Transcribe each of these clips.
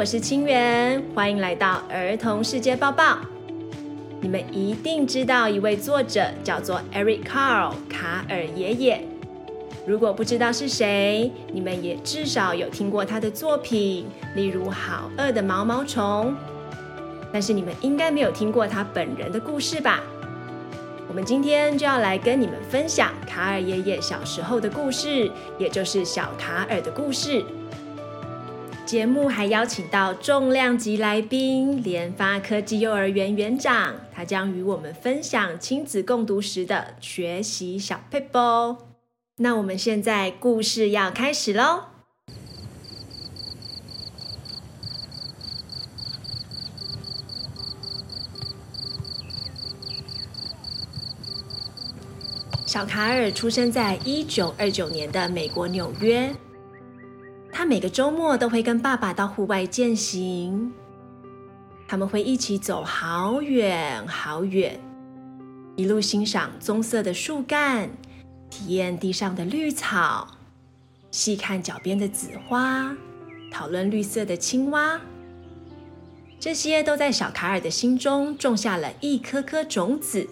我是清源，歡迎來到兒童世界抱抱。你們一定知道一位作者叫做 Eric Carle 卡爾爺爺。如果不知道是誰，你們也至少有聽過他的作品，例如《好餓的毛毛蟲》。但是你們應該沒有聽過他本人的故事吧？我們今天就要來跟你們分享卡爾爺爺小時候的故事，也就是小卡爾的故事。節目還邀請到重量級來賓——聯發科技幼兒園園，園長，他將與我們分享親子共讀時的學習小 p p 配布。那我們現在故事要開始嘍。小卡爾出生在一九二九年的美國紐約。他每個週末都會跟爸爸到戶外健行，他們會一起走好遠好遠，一路欣賞棕色的樹幹，體驗地上的綠草，細看腳邊的紫花，討論綠色的青蛙。這些都在小卡爾的心中種下了一顆顆種子，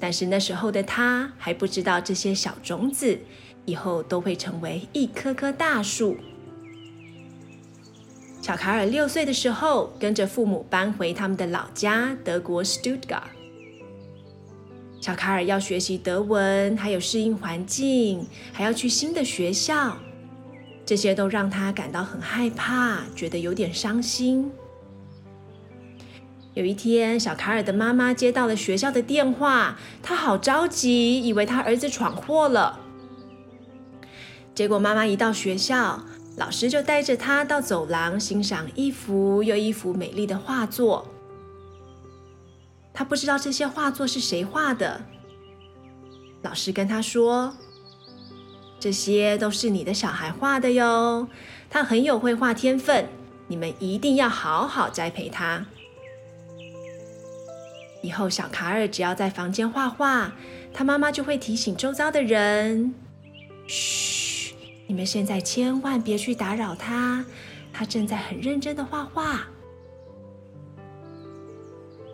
但是那時候的他還不知道這些小種子以後都會成為一棵棵大樹。小卡爾六歲的時候，跟着父母搬回他們的老家德國 Stuttgart。小卡爾要學習德文，還有適應環境，還要去新的學校，這些都讓他感到很害怕，覺得有點傷心。有一天，小卡爾的媽媽接到了學校的電話，她好着急，以為她兒子闖禍了。結果媽媽一到學校，老師就帶着他到走廊欣賞一幅又一幅美麗的畫作。他不知道這些畫作是誰畫的。老師跟他說：“這些都是你的小孩畫的喲，他很有繪畫天分，你們一定要好好栽培他。”以後小卡爾只要在房間畫畫，他媽媽就會提醒周遭的人：“噓。”你們現在千萬別去打擾他，他正在很認真的畫畫。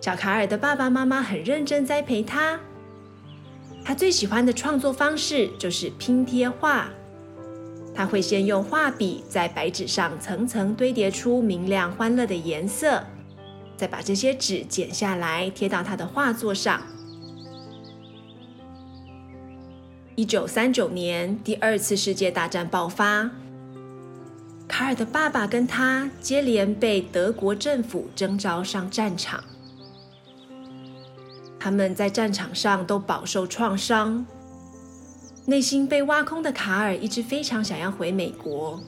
小卡爾的爸爸媽媽很認真栽培他，他最喜歡的創作方式就是拼貼畫。他會先用畫筆在白紙上層層堆疊出明亮歡樂的顏色，再把這些紙剪下來，貼到他的畫作上。一九三九年，第二次世界大戰爆發。卡爾的爸爸跟他接連被德國政府徵召上戰場，他們在戰場上都飽受創傷，內心被挖空的卡爾一直非常想要回美國。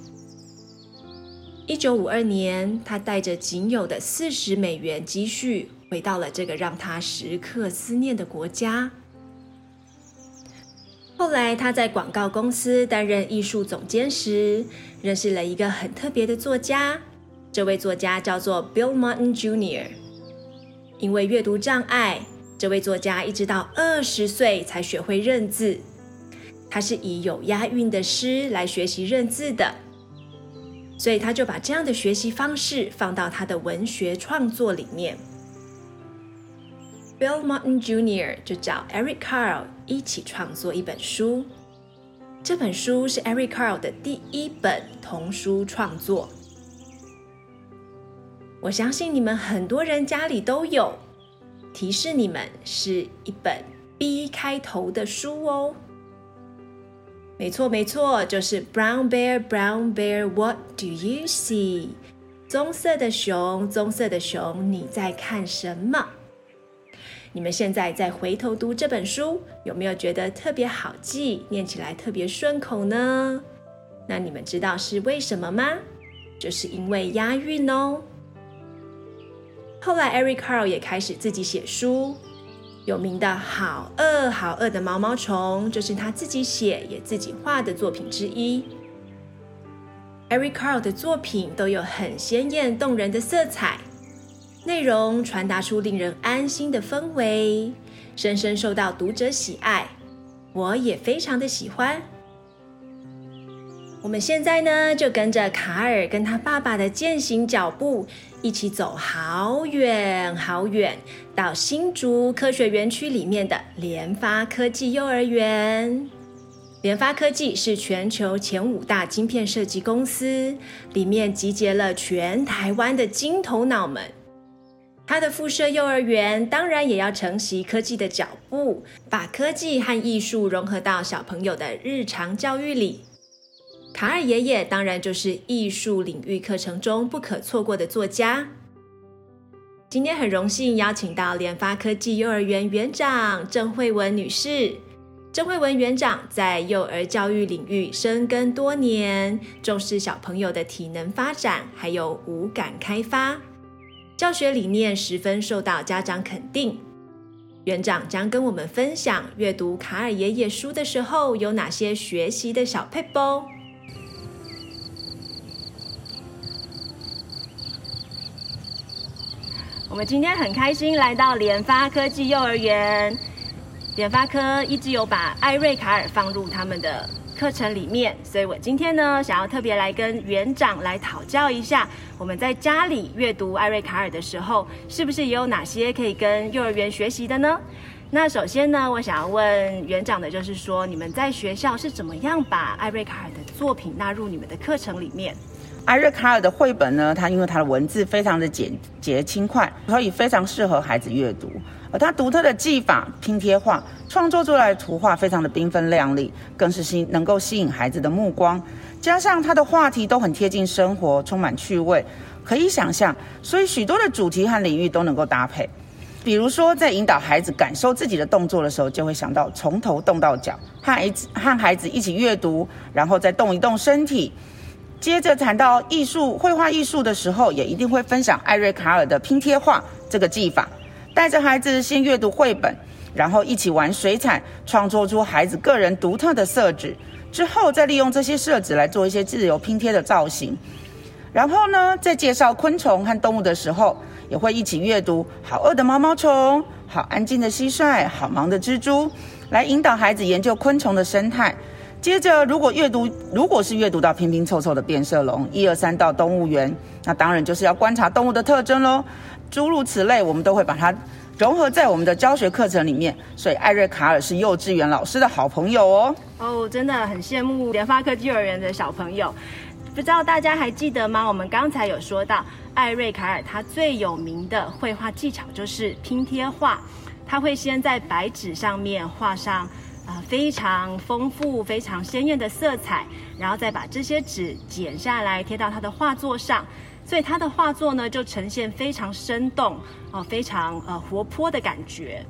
一九五二年，他帶着僅有的四十美元積蓄，回到了這個讓他時刻思念的國家。後來，他在廣告公司擔任藝術總監時，認識了一個很特別的作家。這位作家叫做 Bill Martin Jr.，因為閱讀障礙，這位作家一直到二十歲才學會認字。他是以有押韻的詩來學習認字的，所以他就把這樣的學習方式放到他的文學創作裡面。Bill Martin Jr. 就找 Eric Carle 一起創作一本書，這本書是 Eric Carle 的第一本童書創作。我相信你們很多人家裡都有，提示你們是一本 B 開頭的書哦。沒錯，沒錯，就是 Brown Bear, Brown Bear, What do you see？棕色的熊，棕色的熊，你在看什麼？你們現在在回頭讀這本書，有沒有覺得特別好記，念起來特別順口呢？那你們知道是為什麼嗎？就是因為押韻哦。後來 Eric Carle 也開始自己寫書，有名的《好餓好餓的毛毛蟲》，就是他自己寫也自己畫的作品之一。Eric Carle 的作品都有很鮮豔動人的色彩。內容傳達出令人安心的氛圍，深深受到讀者喜愛。我也非常的喜歡。我們現在呢，就跟着卡爾跟他爸爸的健行腳步，一起走好遠好遠，到新竹科學園區裡面的聯發科技幼兒園。聯發科技是全球前五大晶片設計公司，裡面集結了全台灣的金頭腦們。他的附設幼兒園當然也要承襲科技的腳步，把科技和藝術融合到小朋友的日常教育裡。卡爾爺爺當然就是藝術領域課程中不可錯過的作家。今天很榮幸邀請到聯發科技幼兒園園長鄭惠文女士。鄭惠文園長在幼兒教育領域深耕多年，重視小朋友的體能發展還有五感開發。教學理念十分受到家長肯定，園長將跟我們分享閱讀卡爾爺爺書的時候有哪些學習的小撇步。我們今天很開心來到聯發科技幼兒園，聯發科一直有把艾瑞卡爾放入他們的。課程裡面，所以我今天呢，想要特別來跟園長來討教一下，我們在家裡閱讀艾瑞卡爾的時候，是不是也有哪些可以跟幼兒園學習的呢？那首先呢，我想要問園長的就是說，你們在學校是怎麼樣把艾瑞卡爾的作品納入你們的課程裡面？艾瑞卡爾的繪本呢，它因為它的文字非常的簡潔輕快，所以非常適合孩子閱讀，而它獨特的技法拼貼畫。創作出來的圖畫非常的繽紛亮麗，更是吸能夠吸引孩子的目光，加上他的話題都很貼近生活，充滿趣味，可以想象，所以許多的主題和領域都能夠搭配。比如說，在引導孩子感受自己的動作的時候，就會想到從頭動到腳，和和孩子一起閱讀，然後再動一動身體。接着談到藝術繪畫藝術的時候，也一定會分享艾瑞卡爾的拼貼畫這個技法，帶着孩子先閱讀繪本。然後一起玩水彩，創作出孩子個人獨特的色紙，之後再利用這些色紙來做一些自由拼貼的造型。然後呢，在介紹昆蟲和動物的時候，也會一起閱讀《好餓的毛毛蟲》《好安靜的蟋蟀》《好忙的蜘蛛》，來引導孩子研究昆蟲的生態。接着，如果閱讀如果是閱讀到《拼拼湊湊的變色龍》《一二三到動物園》，那當然就是要觀察動物的特徵嘍。諸如此類，我們都會把它。融合在我們的教學課程裡面，所以艾瑞卡爾是幼稚園老師的好朋友哦。哦，Oh，真的很羨慕聯發科技幼兒園的小朋友。不知道大家還記得嗎？我們剛才有說到，艾瑞卡爾他最有名的繪畫技巧就是拼貼畫。他會先在白紙上面畫上啊、呃，非常豐富、非常鮮豔的色彩，然後再把這些紙剪下來貼到他的畫作上。所以他的畫作呢，就呈現非常生動啊、非常呃活潑的感覺。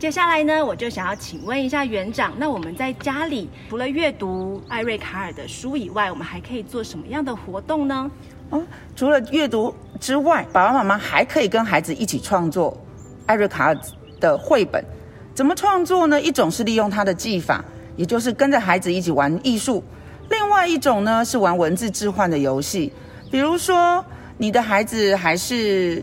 接下來呢，我就想要請問一下園長，那我們在家裡除了閱讀艾瑞卡爾的書以外，我們還可以做什麼樣的活動呢？哦，除了閱讀之外，爸爸媽媽還可以跟孩子一起創作艾瑞卡爾的繪本。怎麼創作呢？一種是利用他的技法，也就是跟着孩子一起玩藝術；另外一種呢，是玩文字置換的遊戲。比如說，你的孩子還是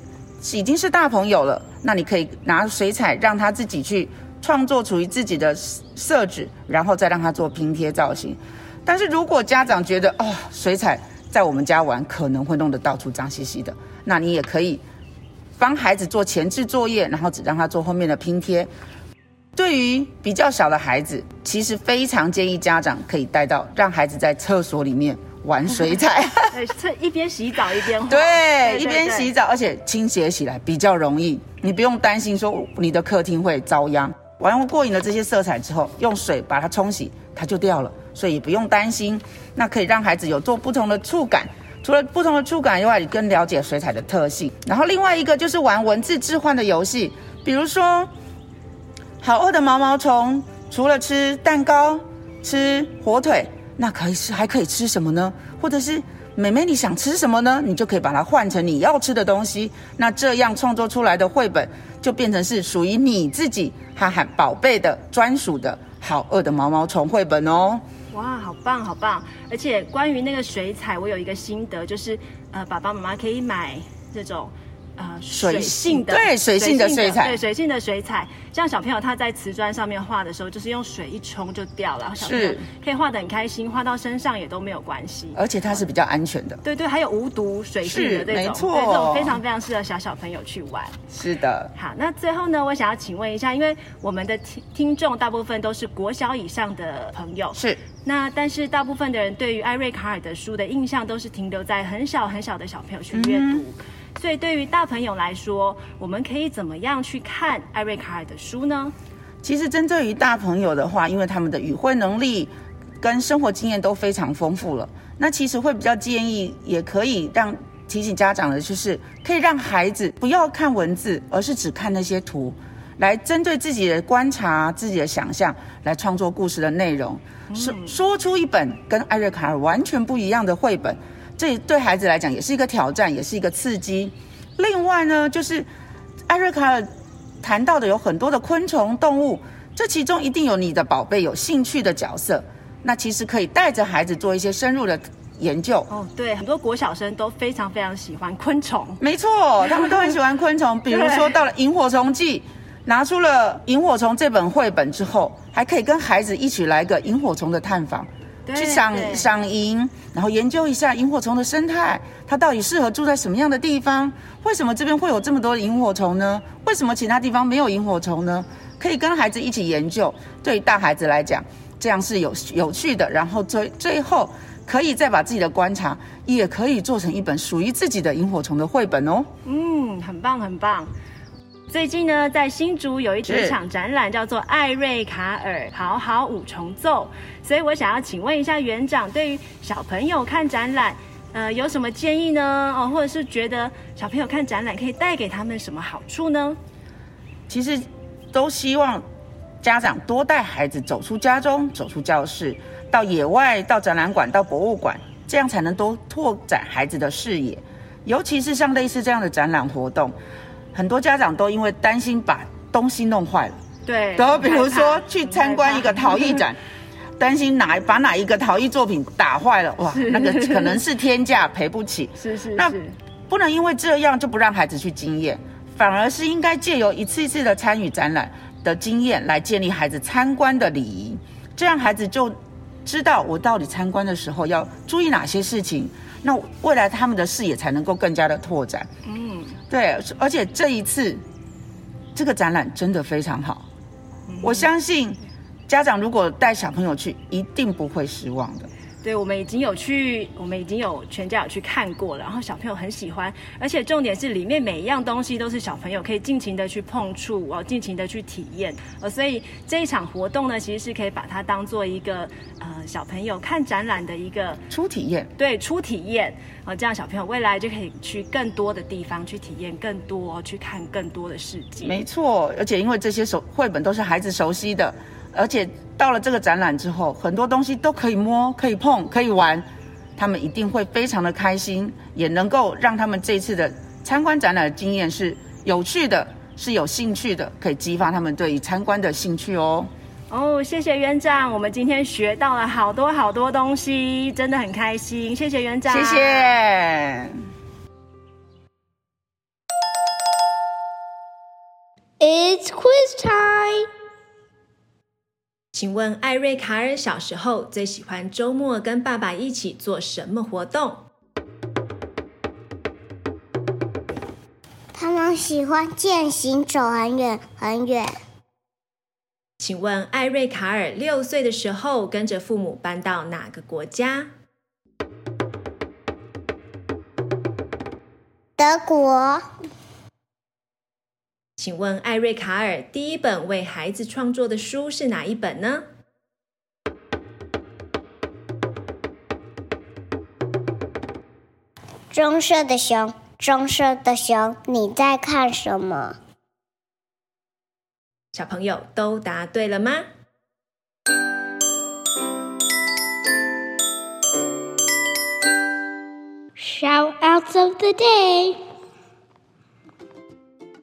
已經是大朋友了，那你可以拿水彩讓他自己去創作屬於自己的設置，然後再讓他做拼貼造型。但是如果家長覺得哦，水彩在我們家玩可能會弄得到處髒兮兮的，那你也可以幫孩子做前置作業，然後只讓他做後面的拼貼。對於比較小的孩子，其實非常建議家長可以帶到，讓孩子在廁所裡面，玩水彩，一邊洗澡一邊畫，對，一邊洗，洗澡，而且清潔起來比較容易，你不用擔心說你的客廳會遭殃。玩過癮了這些色彩之後，用水把它沖洗，它就掉了，所以也不用擔心。那可以讓孩子有做不同的觸感，除了不同的觸感以外，你更了解水彩的特性。然後另外一個就是玩文字置換的遊戲，比如說，好餓的毛毛蟲，除了吃蛋糕，吃火腿。那可以是，還可以吃什麼呢？或者是妹妹，你想吃什麼呢？你就可以把它換成你要吃的東西。那這樣創作出來的繪本，就變成是屬於你自己，他喊寶貝的專屬的好餓的毛毛蟲繪本哦。哇，好棒，好棒！而且關於那個水彩，我有一個心得，就是呃，爸爸媽媽可以買這種。呃，水性的水性的水彩，對水性的水彩，像小朋友他在瓷磚上面畫的時候，就是用水一沖就掉了。然後小朋友可以畫得很開心，畫到身上也都沒有關係。而且它是比較安全的，對對，還有無毒水性的這種，哦、對這種非常非常適合小小朋友去玩。是的。好，那最後呢，我想要請問一下，因為我們的聽聽眾大部分都是國小以上的朋友，是。那但是大部分的人對於艾瑞卡爾的書的印象都是停留在很小很小的小朋友去閱讀。嗯所以，對於大朋友來說，我們可以怎麼樣去看艾瑞卡爾的書呢？其實，針對於大朋友的話，因為他們的語彙能力跟生活經驗都非常豐富了，那其實會比較建議，也可以讓提醒家長的就是，可以讓孩子不要看文字，而是只看那些圖，來針對自己的觀察、自己的想象來創作故事的內容，嗯、說說出一本跟艾瑞卡爾完全不一樣的繪本。這對孩子來講也是一個挑戰，也是一個刺激。另外呢，就是艾瑞卡爾談到的有很多的昆蟲動物，這其中一定有你的寶貝有興趣的角色。那其實可以帶着孩子做一些深入的研究。哦，對，很多國小生都非常非常喜歡昆蟲。沒錯，他們都很喜歡昆蟲。比如說到了螢火蟲季，拿出了《螢火蟲》這本繪本之後，還可以跟孩子一起來個螢火蟲的探訪。去賞賞螢，然後研究一下螢火蟲的生態，它到底適合住在什麼樣的地方？為什麼這邊會有這麼多的螢火蟲呢？為什麼其他地方沒有螢火蟲呢？可以跟孩子一起研究，對於大孩子來講，這樣是有有趣的。然後最最後，可以再把自己的觀察，也可以做成一本屬於自己的螢火蟲的繪本哦。嗯，很棒，很棒。最近呢，在新竹有一場展覽，叫做《艾瑞卡爾好好五重奏》。所以我想要請問一下園長，對於小朋友看展覽，呃，有什麼建議呢？哦，或者是覺得小朋友看展覽可以帶給他們什麼好處呢？其實，都希望家長多帶孩子走出家中，走出教室，到野外、到展覽館、到博物館，這樣才能多拓展孩子的視野。尤其是像類似這樣的展覽活動。很多家長都因為擔心把東西弄壞了，對，都比如說去參觀一個陶藝展， 擔心哪把哪一個陶藝作品打壞了，哇，那個可能是天價，賠不起。是是是。那不能因為這樣就不讓孩子去經驗，反而是應該借由一次一次的參與展覽的經驗來建立孩子參觀的禮儀，這樣孩子就知道我到底參觀的時候要注意哪些事情。那未來他們的視野才能夠更加的拓展。嗯，對，而且這一次，這個展覽真的非常好，我相信家長如果帶小朋友去，一定不會失望的。對，我們已經有去，我們已經有全家有去看過了，然後小朋友很喜歡，而且重點是裡面每一樣東西都是小朋友可以盡情的去碰觸，哦，盡情的去體驗。呃、哦，所以這一場活動呢，其實是可以把它當做一個呃小朋友看展覽的一個初體驗，對，初體驗。呃、哦，這樣小朋友未來就可以去更多的地方去體驗，更多去看更多的世界。沒錯，而且因為這些熟繪，繪本都是孩子熟悉的，而且。到了這個展覽之後，很多東西都可以摸、可以碰、可以玩，他們一定會非常的開心，也能夠讓他們這次的參觀展覽的經驗是有趣的、是有興趣的，可以激發他們對於參觀的興趣哦。哦，謝謝園長，我們今天學到了好多好多東西，真的很開心，謝謝園長。謝謝。It's quiz time. 請問艾瑞卡爾小時候最喜歡周末跟爸爸一起做什麼活動？他們喜歡健行，走很遠很遠。請問艾瑞卡爾六歲的時候跟着父母搬到哪個國家？德國。請問艾瑞卡爾第一本為孩子創作的書是哪一本呢？棕色的熊，棕色的熊，你在看什麼？小朋友都答對了嗎？Shout out of the day。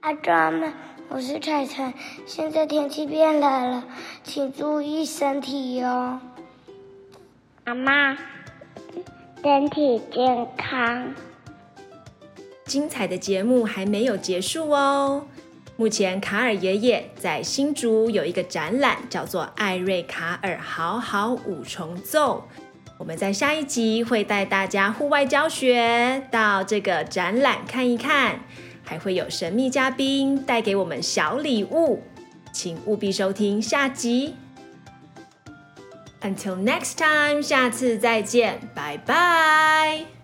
阿公，我是彩彩。現在天氣變冷了，請注意身體喲、哦。媽媽，身體健康。精彩的節目還沒有結束哦。目前卡爾爺爺在新竹有一個展覽，叫做《艾瑞卡爾豪豪五重奏》。我們在下一集會帶大家戶外教學，到這個展覽看一看。還會有神秘嘉賓帶給我們小禮物，請務必收聽下集。Until next time，下次再見，拜拜。